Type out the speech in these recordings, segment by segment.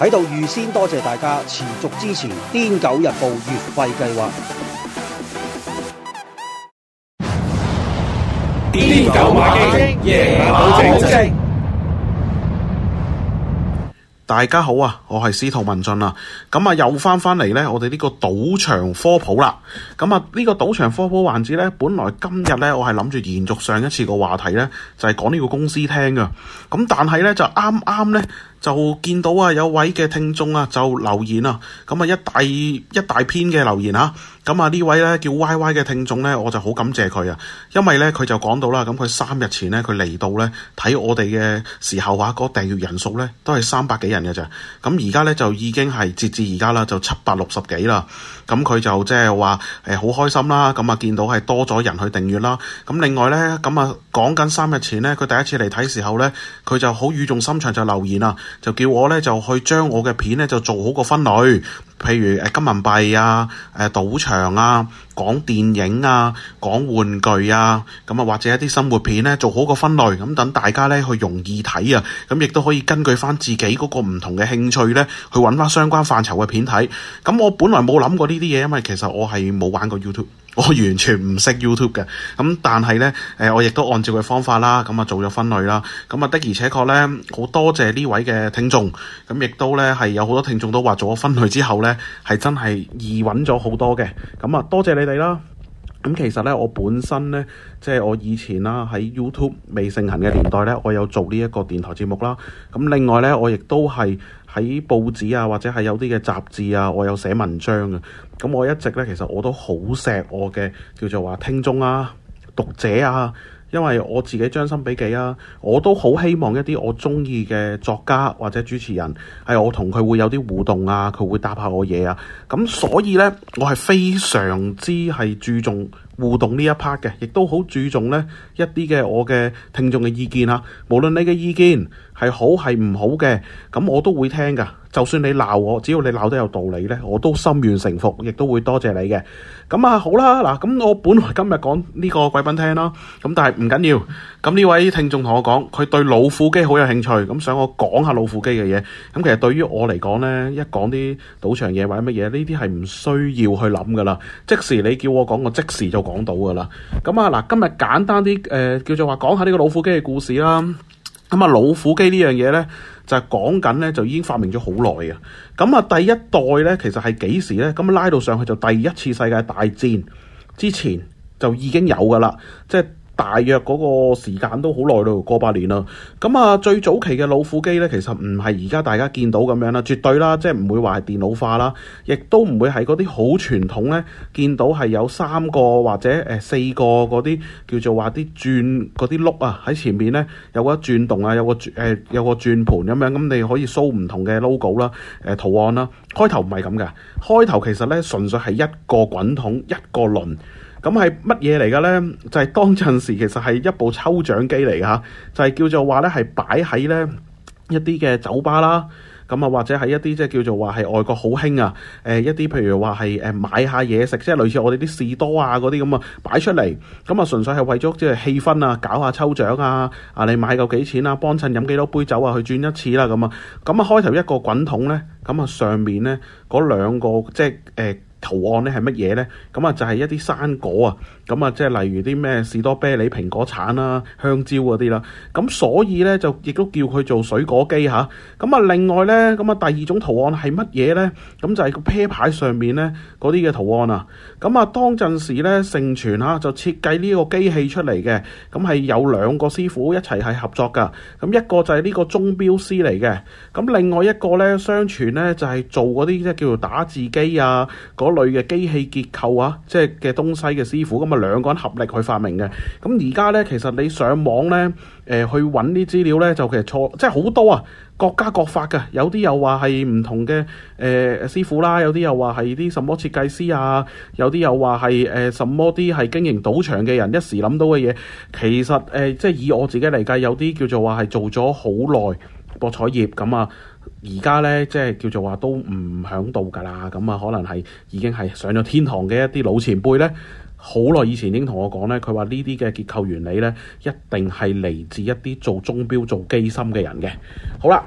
喺度預先多謝大家持續支持《癲狗日報》月費計劃。癲狗馬經，夜馬正正。大家好啊，我係司徒文進啊，咁啊又翻翻嚟咧，我哋呢個賭場科普啦。咁啊呢個賭場科普環節咧，本來今日咧我係諗住延續上一次個話題咧，就係講呢個公司聽噶。咁但係咧就啱啱咧。就見到啊，有位嘅聽眾啊，就留言啊，咁啊一大一大篇嘅留言啊，咁啊呢位咧叫 Y Y 嘅聽眾咧，我就好感謝佢啊，因為咧佢就講到啦，咁佢三日前咧佢嚟到咧睇我哋嘅時候話，個訂閱人數咧都係三百幾人嘅咋。咁而家咧就已經係截至而家啦，就七百六十幾啦，咁佢就即係話誒好開心啦，咁啊見到係多咗人去訂閱啦，咁另外咧咁啊講緊三日前咧佢第一次嚟睇時候咧，佢就好語重心長就留言啊。就叫我咧就去將我嘅片咧就做好個分類，譬如誒金文幣啊、誒賭場啊、講電影啊、講玩具啊，咁啊或者一啲生活片咧做好個分類，咁等大家咧去容易睇啊，咁亦都可以根據翻自己嗰個唔同嘅興趣咧去揾翻相關範疇嘅片睇。咁我本來冇諗過呢啲嘢，因為其實我係冇玩過 YouTube。我完全唔識 YouTube 嘅，咁但係呢，誒，我亦都按照佢方法啦，咁啊做咗分類啦，咁啊的而且確呢，好多謝呢位嘅聽眾，咁亦都呢，係有好多聽眾都話做咗分類之後呢，係真係易揾咗好多嘅，咁啊多謝你哋啦。咁其實呢，我本身呢，即係我以前啦喺 YouTube 未盛行嘅年代呢，我有做呢一個電台節目啦，咁另外呢，我亦都係。喺報紙啊，或者係有啲嘅雜誌啊，我有寫文章嘅啊。咁我一直咧，其實我都好錫我嘅叫做話聽眾啊、讀者啊，因為我自己將心比己啊，我都好希望一啲我中意嘅作家或者主持人係我同佢會有啲互動啊，佢會答下我嘢啊。咁所以咧，我係非常之係注重互動呢一 part 嘅，亦都好注重呢一啲嘅我嘅聽眾嘅意見啊，無論你嘅意見係好係唔好嘅，咁我都會聽㗎。就算你鬧我，只要你鬧得有道理咧，我都心悅誠服，亦都會多謝你嘅。咁啊，好啦，嗱，咁我本來今日講呢個貴賓廳啦。咁但係唔緊要。咁呢位聽眾同我講，佢對老虎機好有興趣，咁想我講下老虎機嘅嘢。咁其實對於我嚟講咧，一講啲賭場嘢或者乜嘢，呢啲係唔需要去諗噶啦。即時你叫我講，我即時就講到噶啦。咁啊，嗱，今日簡單啲，誒叫做話講下呢個老虎機嘅故事啦。咁啊，老虎機呢樣嘢咧。就係講緊呢，就已經發明咗好耐啊！咁啊，第一代呢，其實係幾時呢？咁拉到上去就第一次世界大戰之前就已經有㗎啦，即係。大約嗰個時間都好耐咯，過百年啦。咁啊，最早期嘅老虎機呢，其實唔係而家大家見到咁樣啦，絕對啦，即係唔會話係電腦化啦，亦都唔會係嗰啲好傳統呢。見到係有三個或者誒四個嗰啲叫做話啲轉嗰啲碌啊喺前面呢有個轉動啊，有個誒、呃、有個轉盤咁樣，咁你可以 show 唔同嘅 logo 啦，誒、呃、圖案啦。開頭唔係咁嘅，開頭其實呢，純粹係一個滾筒一個輪。咁係乜嘢嚟嘅咧？就係當陣時其實係一部抽獎機嚟嘅嚇，就係叫做話咧係擺喺咧一啲嘅酒吧啦，咁啊或者係一啲即係叫做話係外國好興啊，誒一啲譬如話係誒買下嘢食，即係類似我哋啲士多啊嗰啲咁啊擺出嚟，咁啊純粹係為咗即係氣氛啊，搞下抽獎啊，啊你買夠幾錢啊，幫襯飲幾多杯酒啊，去轉一次啦咁啊，咁啊開頭一個滾筒咧，咁啊上面咧嗰兩個即係誒。圖案咧係乜嘢呢？咁啊就係、是、一啲生果啊，咁啊即係例如啲咩士多啤梨、蘋果橙啦、香蕉嗰啲啦。咁所以呢，就亦都叫佢做水果機吓，咁啊另外呢，咁啊第二種圖案係乜嘢呢？咁就係、是、個啤牌上面呢嗰啲嘅圖案啊。咁啊當陣時呢，盛傳嚇就設計呢個機器出嚟嘅，咁係有兩個師傅一齊係合作㗎。咁一個就係呢個鐘錶師嚟嘅，咁另外一個呢，相傳呢就係做嗰啲即係叫做打字機啊。類嘅機器結構啊，即係嘅東西嘅師傅，咁啊兩個人合力去發明嘅。咁而家呢，其實你上網呢誒、呃、去揾啲資料呢，就其實錯，即係好多啊，各家各法噶。有啲又話係唔同嘅誒、呃、師傅啦，有啲又話係啲什麼設計師啊，有啲又話係誒什麼啲係經營賭場嘅人一時諗到嘅嘢。其實誒、呃，即係以我自己嚟計，有啲叫做話係做咗好耐博彩業咁啊。而家咧，即係叫做話都唔響度㗎啦，咁啊，可能係已經係上咗天堂嘅一啲老前輩咧，好耐以前已經同我講咧，佢話呢啲嘅結構原理咧，一定係嚟自一啲做鐘錶、做機芯嘅人嘅。好啦。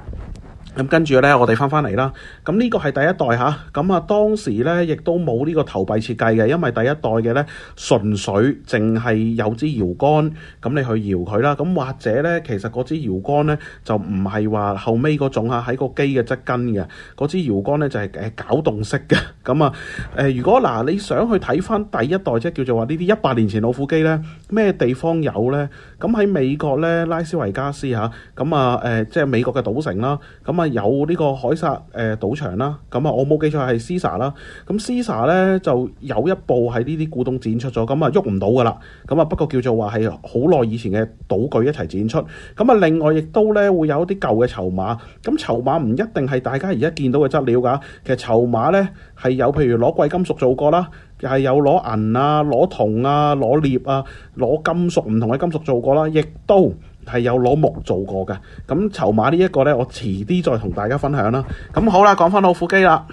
咁跟住咧，我哋翻翻嚟啦。咁呢個係第一代嚇，咁啊當時咧亦都冇呢個投幣設計嘅，因為第一代嘅咧純粹淨係有支搖杆，咁你去搖佢啦。咁或者咧，其實嗰支搖杆咧就唔係話後尾嗰種嚇，喺個機嘅側跟嘅嗰支搖杆咧就係誒攪動式嘅。咁啊誒，如果嗱你想去睇翻第一代，即係叫做話呢啲一百年前老虎機咧，咩地方有咧？咁喺美國咧，拉斯維加斯嚇，咁啊誒即係美國嘅賭城啦，咁啊～有呢個海殺誒賭場啦，咁啊我冇記錯係 Sisa 啦，咁 Sisa 呢，就有一部係呢啲古董展出咗，咁啊喐唔到噶啦，咁啊不過叫做話係好耐以前嘅賭具一齊展出，咁啊另外亦都呢會有一啲舊嘅籌碼，咁籌碼唔一定係大家而家見到嘅質料㗎，其實籌碼呢，係有譬如攞貴金屬做過啦，又係有攞銀啊、攞銅啊、攞鎳啊、攞、啊、金屬唔同嘅金屬做過啦，亦都，係有攞木做過嘅，咁籌碼呢，一個呢，我遲啲再同大家分享啦。咁好啦，講翻老虎機啦。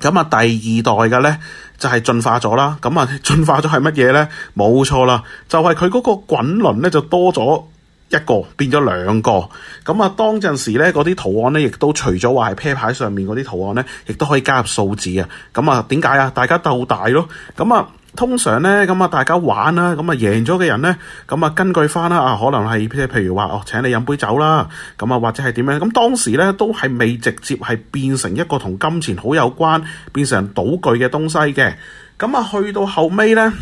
咁啊，第二代嘅呢，就係進化咗啦。咁啊，進化咗係乜嘢呢？冇錯啦，就係佢嗰個滾輪呢就多咗一個，變咗兩個。咁啊，當陣時呢，嗰啲圖案呢，亦都除咗話係啤牌上面嗰啲圖案呢，亦都可以加入數字啊。咁啊，點解啊？大家鬥大咯。咁啊。通常呢，咁啊，大家玩啦，咁啊，贏咗嘅人呢，咁啊根據返啦啊，可能係譬如話哦請你飲杯酒啦，咁啊或者係點樣。咁當時呢，都係未直接係變成一個同金錢好有關變成賭具嘅東西嘅，咁啊去到後尾呢。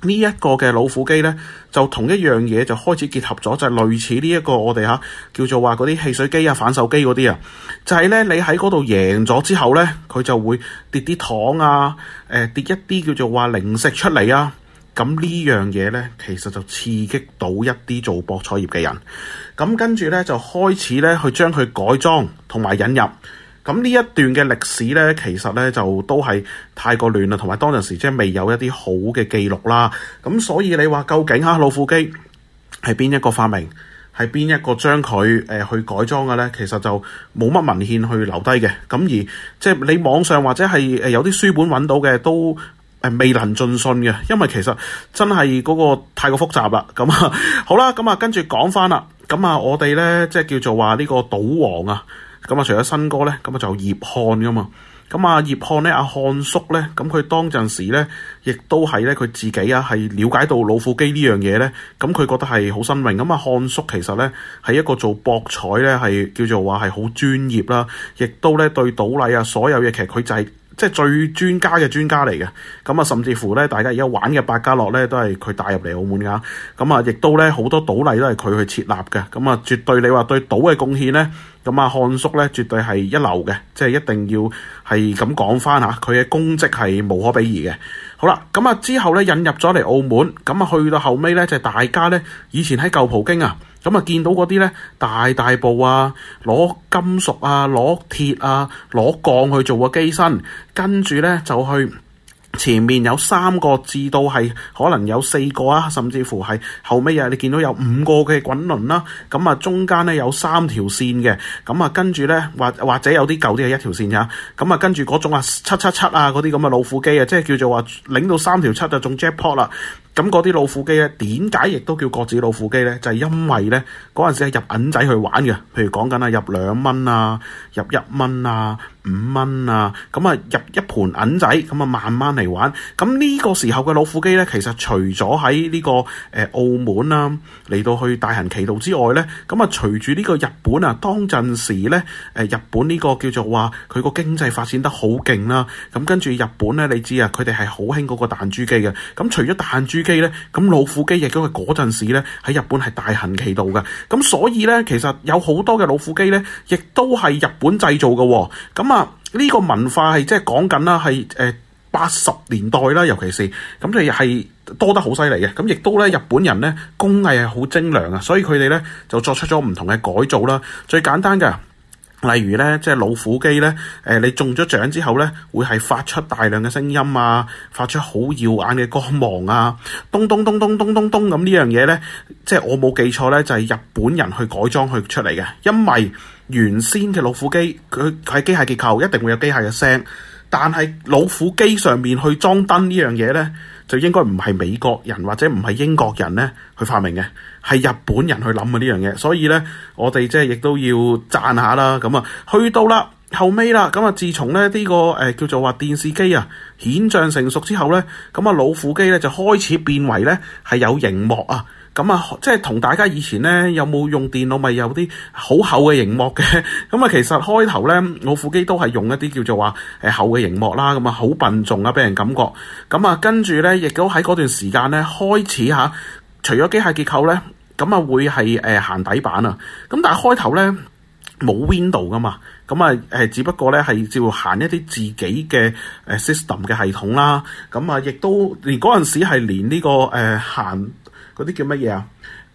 呢一個嘅老虎機呢，就同一樣嘢就開始結合咗，就係、是、類似呢一個我哋嚇、啊、叫做話嗰啲汽水機啊、反手機嗰啲啊，就係、是、呢，你喺嗰度贏咗之後呢，佢就會跌啲糖啊，呃、跌一啲叫做話零食出嚟啊。咁呢樣嘢呢，其實就刺激到一啲做博彩業嘅人。咁跟住呢，就開始呢，去將佢改裝同埋引入。咁呢一段嘅歷史呢，其實呢就都係太過亂啦，同埋當陣時即係未有一啲好嘅記錄啦。咁所以你話究竟嚇、啊、老虎機係邊一個發明，係邊一個將佢誒、呃、去改裝嘅呢？其實就冇乜文獻去留低嘅。咁而即係你網上或者係有啲書本揾到嘅，都未能盡信嘅，因為其實真係嗰個太過複雜啦。咁啊，好啦，咁啊跟住講返啦。咁啊，我哋呢，即係叫做話呢個賭王啊。咁啊，除咗新歌咧，咁啊就葉漢噶嘛。咁啊，葉漢咧，阿漢叔咧，咁佢當陣時咧，亦都係咧，佢自己啊係了解到老虎機呢樣嘢咧。咁佢覺得係好新穎。咁啊，漢叔其實咧係一個做博彩咧係叫做話係好專業啦，亦都咧對賭禮啊所有嘢其實佢就係、是。即係最專家嘅專家嚟嘅，咁啊，甚至乎咧，大家而家玩嘅百家樂咧，都係佢帶入嚟澳門嘅，咁啊，亦都咧好多賭例都係佢去設立嘅，咁啊，絕對你話對賭嘅貢獻咧，咁啊，漢叔咧絕對係一流嘅，即係一定要係咁講翻嚇，佢嘅功績係無可比擬嘅。好啦，咁啊之後咧引入咗嚟澳門，咁啊去到後尾咧就大家咧以前喺舊葡京啊。咁啊，見到嗰啲咧，大大部啊，攞金屬啊，攞鐵啊，攞鋼去做個機身，跟住咧就去前面有三個至到係，可能有四個啊，甚至乎係後尾啊，你見到有五個嘅滾輪啦、啊，咁、嗯、啊，中間咧有三條線嘅，咁、嗯、啊跟住咧，或或者有啲舊啲係一條線嚇、啊，咁、嗯、啊跟住嗰種啊七七七啊嗰啲咁嘅老虎機啊，即係叫做話拎到三條七就、啊、中 jackpot 啦。咁嗰啲老虎機咧，點解亦都叫角子老虎機咧？就係、是、因為咧，嗰陣時係入銀仔去玩嘅，譬如講緊啊，入兩蚊啊，入一蚊啊，五蚊啊，咁啊，入一盤銀仔，咁啊，慢慢嚟玩。咁呢個時候嘅老虎機咧，其實除咗喺呢個誒、呃、澳門啊，嚟到去大行其道之外咧，咁啊，隨住呢個日本啊，當陣時咧，誒日本呢個叫做話佢個經濟發展得好勁啦。咁跟住日本咧，你知啊，佢哋係好興嗰個彈珠機嘅。咁除咗彈珠，機咧，咁老虎機亦都係嗰陣時咧，喺日本係大行其道嘅，咁所以咧，其實有好多嘅老虎機咧，亦都係日本製造嘅喎。咁啊，呢個文化係即係講緊啦，係誒八十年代啦，尤其是咁，你係多得好犀利嘅。咁亦都咧，日本人咧，工藝係好精良啊，所以佢哋咧就作出咗唔同嘅改造啦。最簡單嘅。例如咧，即係老虎機咧，誒你中咗獎之後咧，會係發出大量嘅聲音啊，發出好耀眼嘅光芒啊，咚咚咚咚咚咚咚咁呢樣嘢咧，即係我冇記錯咧，就係日本人去改裝佢出嚟嘅，因為原先嘅老虎機佢喺機械結構一定會有機械嘅聲，但係老虎機上面去裝燈呢樣嘢咧，就應該唔係美國人或者唔係英國人咧去發明嘅。係日本人去諗嘅呢樣嘢，所以呢，我哋即係亦都要讚下啦。咁啊，去到啦後尾啦，咁啊自從呢、這、呢個誒、呃、叫做話電視機啊顯像成熟之後呢，咁啊老虎機呢就開始變為呢係有熒幕啊。咁啊即係同大家以前呢有冇用電腦咪有啲好厚嘅熒幕嘅？咁啊其實開頭呢，老虎機都係用一啲叫做話誒厚嘅熒幕啦。咁啊好笨重啊，俾人感覺。咁啊跟住呢，亦都喺嗰段時間呢開始吓、啊，除咗機械結構呢。咁啊，會係誒、呃、行底板啊！咁但係開頭咧冇 window 噶嘛，咁啊誒、呃，只不過咧係照行一啲自己嘅誒、呃、system 嘅系統啦。咁啊，亦都連嗰陣時係連呢個誒行嗰啲叫乜嘢啊？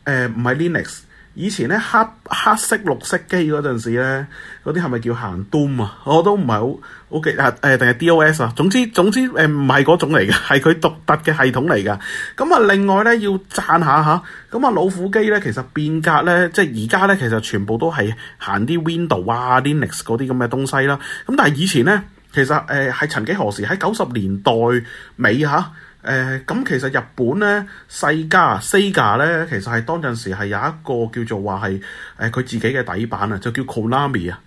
誒唔係 Linux。以前咧，黑黑色綠色機嗰陣時咧，嗰啲係咪叫行 Doom 啊？我都唔係好好記啊，誒定係 DOS 啊？總之總之誒唔係嗰種嚟嘅，係佢獨特嘅系統嚟嘅。咁啊，另外咧要讚下吓，咁啊老虎機咧其實變革咧，即係而家咧其實全部都係行啲 Window 啊、Linux 嗰啲咁嘅東西啦。咁但係以前咧。其實誒係曾幾何時喺九十年代尾嚇誒咁，其實日本咧世嘉，Sega 咧，其實係當陣時係有一個叫做話係誒佢自己嘅底板啊，就叫 Konami 啊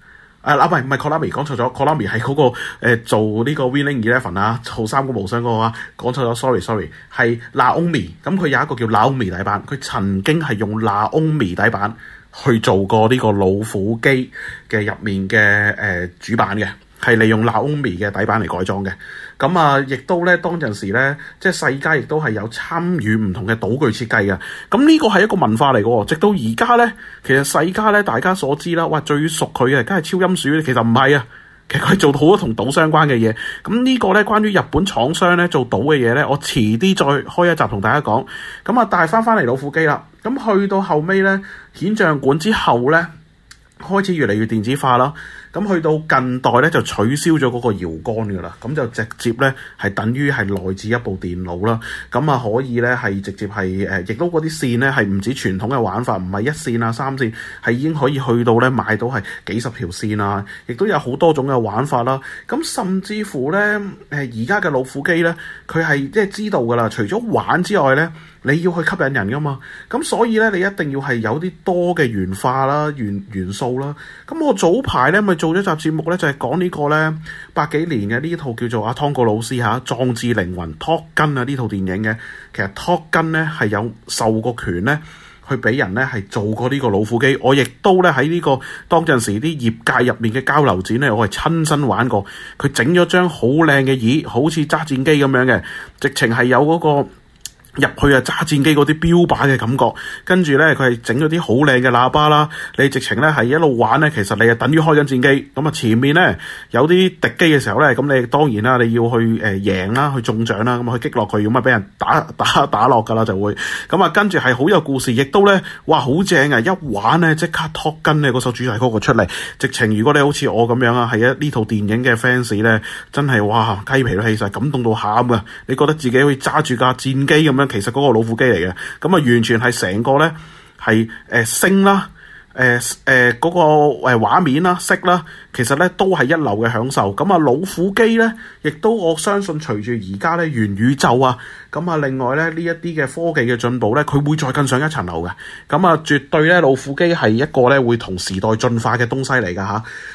啊，唔係唔係 Konami 講錯咗 Konami 係嗰個誒做呢個 Winning Eleven 啊，做三國無雙嗰個啊，講錯咗，sorry sorry，係 Naomi 咁佢有一個叫 Naomi 底板，佢曾經係用 Naomi 底板去做過呢個老虎機嘅入面嘅誒、呃、主板嘅。係利用 Naomi 嘅底板嚟改裝嘅，咁啊，亦都咧當陣時咧，即係世嘉亦都係有參與唔同嘅賭具設計嘅，咁呢個係一個文化嚟嘅。直到而家咧，其實世嘉咧大家所知啦，哇最熟佢嘅梗係超音鼠，其實唔係啊，其實佢做到好多同賭相關嘅嘢。咁呢個咧關於日本廠商咧做賭嘅嘢咧，我遲啲再開一集同大家講。咁啊帶翻翻嚟老虎機啦。咁去到後尾咧顯像管之後咧，開始越嚟越電子化咯。咁去到近代咧，就取消咗嗰個搖桿噶啦，咁就直接咧係等於係內置一部電腦啦，咁啊可以咧係直接係誒，呃、亦都嗰啲線咧係唔止傳統嘅玩法，唔係一線啊三線，係已經可以去到咧買到係幾十條線啊，亦都有好多種嘅玩法啦。咁甚至乎咧誒，而家嘅老虎機咧，佢係即係知道噶啦，除咗玩之外咧。你要去吸引人噶嘛？咁所以呢，你一定要係有啲多嘅元化啦、元元素啦。咁我早排呢咪做咗集節目呢，就係、是、講呢個呢百幾年嘅呢套叫做《阿湯哥老師》嚇、啊，壯志凌雲托根啊呢套電影嘅。其實托根呢係有授過權呢，去俾人呢係做過呢個老虎機。我亦都呢喺呢、這個當陣時啲業界入面嘅交流展呢，我係親身玩過。佢整咗張好靚嘅椅，好似揸戰機咁樣嘅，直情係有嗰、那個。入去啊揸戰機啲標靶嘅感覺，跟住呢佢係整咗啲好靚嘅喇叭啦。你直情呢係一路玩呢，其實你係等於開緊戰機。咁啊前面呢有啲敵機嘅時候呢，咁你當然啦，你要去誒、呃、贏啦、啊，去中獎啦、啊，咁去擊落佢，如果唔係俾人打打打落㗎啦，就會咁啊。跟住係好有故事，亦都呢：哇「哇好正啊！一玩呢即刻託根咧嗰首主題曲個出嚟。直情如果你好似我咁樣啊，係一呢套電影嘅 fans 呢，真係哇雞皮都起晒，感動到喊啊！你覺得自己可以揸住架戰機咁樣。其實嗰個老虎機嚟嘅，咁啊完全係成個咧，係誒升啦。誒誒嗰個誒畫面啦、啊、色啦、啊，其實咧都係一流嘅享受。咁、嗯、啊，老虎機咧，亦都我相信隨住而家咧元宇宙啊，咁、嗯、啊另外咧呢一啲嘅科技嘅進步咧，佢會再更上一層樓嘅。咁、嗯、啊，絕對咧老虎機係一個咧會同時代進化嘅東西嚟㗎吓，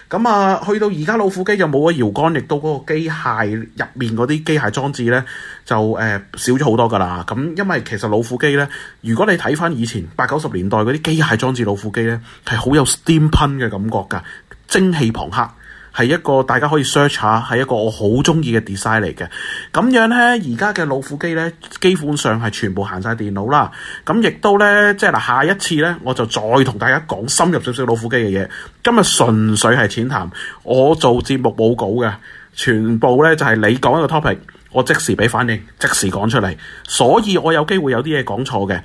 咁、嗯、啊、嗯，去到而家老虎機就冇咗搖桿，亦都嗰個機械入面嗰啲機械裝置咧就誒、呃、少咗好多㗎啦。咁、嗯、因為其實老虎機咧，如果你睇翻以前八九十年代嗰啲機械裝置老虎機咧，係好有 steam 噴嘅感覺噶，蒸汽龐克係一個大家可以 search 下，係一個我好中意嘅 design 嚟嘅。咁樣呢，而家嘅老虎機呢，基本上係全部行晒電腦啦。咁亦都呢，即係嗱，下一次呢，我就再同大家講深入少少老虎機嘅嘢。今日純粹係淺談，我做節目冇稿嘅，全部呢，就係你講一個 topic，我即時俾反應，即時講出嚟，所以我有機會有啲嘢講錯嘅。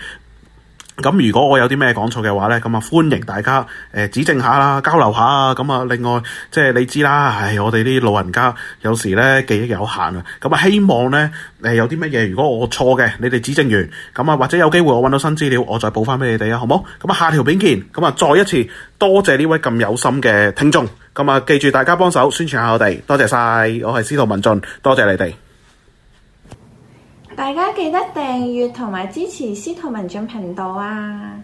咁如果我有啲咩講錯嘅話咧，咁啊歡迎大家誒指正下啦，交流下啊。咁啊，另外即係你知啦，唉，我哋啲老人家有時咧記憶有限啊。咁啊，希望咧誒有啲乜嘢，如果我錯嘅，你哋指正完，咁啊或者有機會我揾到新資料，我再補翻俾你哋啊，好冇？咁啊，下條片見，咁啊再一次多謝呢位咁有心嘅聽眾。咁啊，記住大家幫手宣傳下我哋，多謝晒。我係司徒文進，多謝你哋。大家記得訂閱同埋支持司徒文進頻道啊！